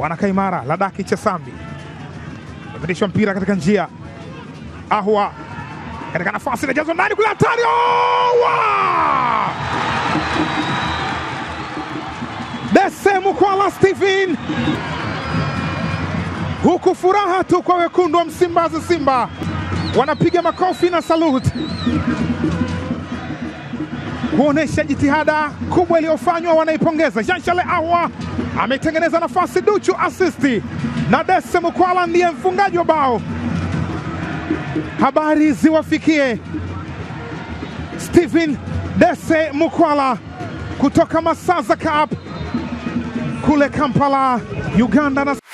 wanakaa imara. Ladaki Chesambi amepitishwa mpira katika njia, Ahwa katika nafasi inajazwa ndani kule, hatari Desemukwala Stephen, huku furaha tu kwa wekundu wa Msimbazi. Simba wanapiga makofi na salute huonesha jitihada kubwa iliyofanywa, wanaipongeza. Jean Charles Ahoua ametengeneza nafasi, Duchu asisti na Dese Mukwala ndiye mfungaji wa bao. Habari ziwafikie stehen Dese Mukwala kutoka Masaza Cup kule Kampala, Uganda na